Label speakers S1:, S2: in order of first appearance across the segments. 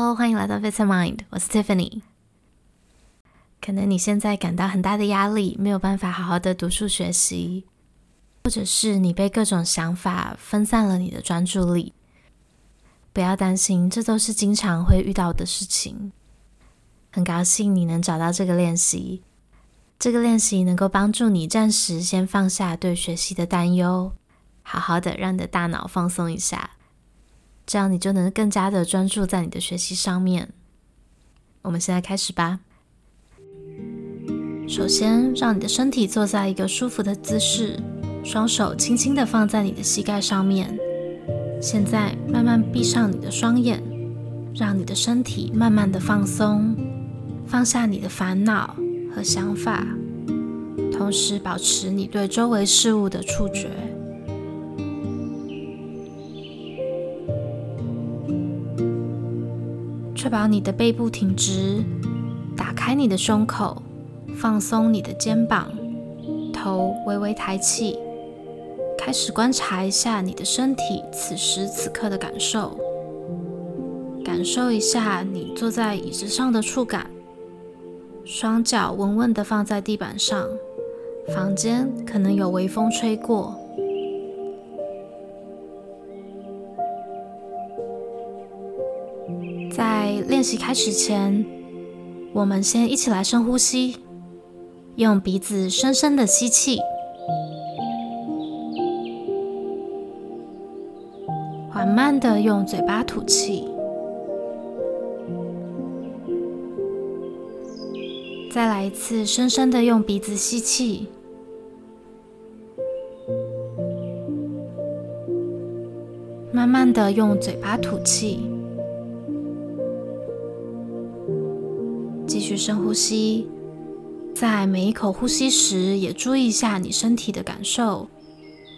S1: Hello，歡迎來到 Better Mind，我是 Tiffany。可能你現在感到很大的壓力，沒有辦法好好的讀書學習，或者是你被各種想法分散了你的專注力。不要擔心，這都是經常會遇到的事情。很高興你能找到這個練習，這個練習能夠幫助你暫時先放下對學習的擔憂，好好的讓你的大腦放鬆一下。這樣你就能更加的專注在你的學習上面。我們現在開始吧。首先，讓你的身體坐在一個舒服的姿勢，雙手輕輕地放在你的膝蓋上面。現在，慢慢閉上你的雙眼，讓你的身體慢慢的放鬆，放下你的煩惱和想法，同時保持你對周圍事物的觸覺。確保你的背部挺直，打開你的胸口，放鬆你的肩膀，頭微微抬起，開始觀察一下你的身體此時此刻的感受，感受一下你坐在椅子上的觸感，雙腳穩穩地放在地板上。房間可能有微風吹過。在練習開始前，我們先一起來深呼吸，用鼻子深深的吸氣，緩慢的用嘴巴吐氣。再來一次，深深的用鼻子吸氣，慢慢的用嘴巴吐氣。去深呼吸，在每一口呼吸時，也注意一下你身體的感受，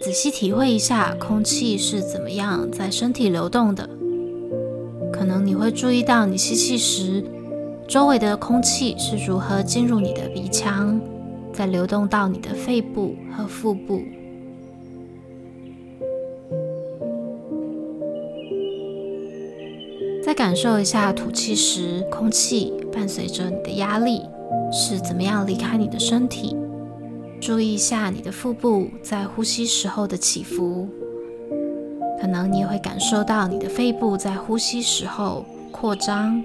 S1: 仔細體會一下空氣是怎麼樣在身體流動的。可能你會注意到，你吸氣時，周圍的空氣是如何進入你的鼻腔，再流動到你的肺部和腹部。再感受一下吐氣時，空氣伴隨着你的壓力是怎麼樣離開你的身體。注意一下你的腹部在呼吸時候的起伏，可能你也會感受到你的肺部在呼吸時候擴張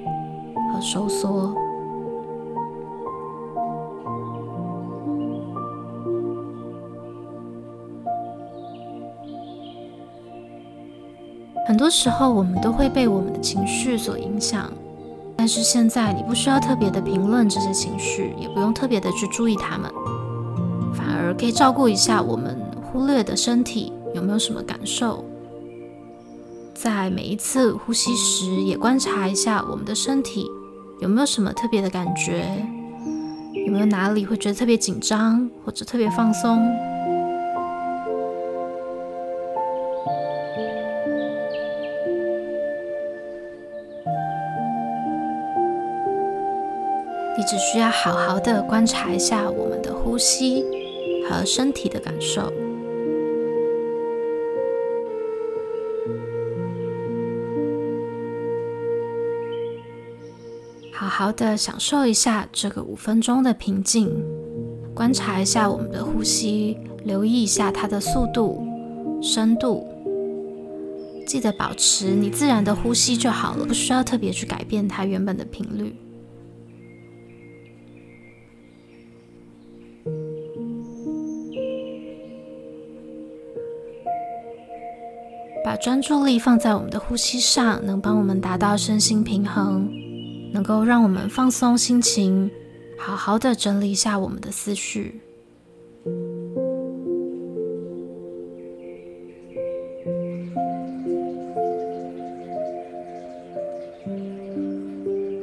S1: 和收縮。很多時候，我們都會被我們的情緒所影響。但是現在，你不需要特別的評論這些情緒，也不用特別的去注意它們，反而可以照顧一下我們忽略的身體有沒有什麼感受。在每一次呼吸時，也觀察一下我們的身體有沒有什麼特別的感覺，有沒有哪裡會覺得特別緊張或者特別放鬆。你只需要好好的觀察一下我們的呼吸和身體的感受。好好的享受一下這個五分鐘的平靜，觀察一下我們的呼吸，留意一下它的速度、深度，記得保持你自然的呼吸就好了，不需要特別去改變它原本的頻率。把專注力放在我們的呼吸上，能幫我們達到身心平衡，能夠讓我們放鬆心情，好好的整理一下我們的思緒。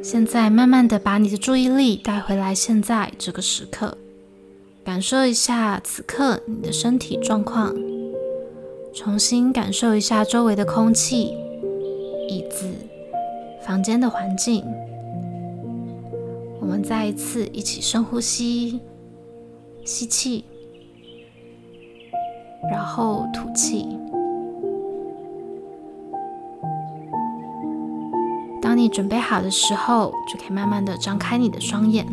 S1: 現在慢慢的把你的注意力帶回來，現在這個時刻，感受一下此刻你的身體狀況。重新感受一下周圍的空氣、椅子、房間的環境。我們再一次一起深呼吸，吸氣，然後吐氣。當你準備好的時候，就可以慢慢的張開你的雙眼。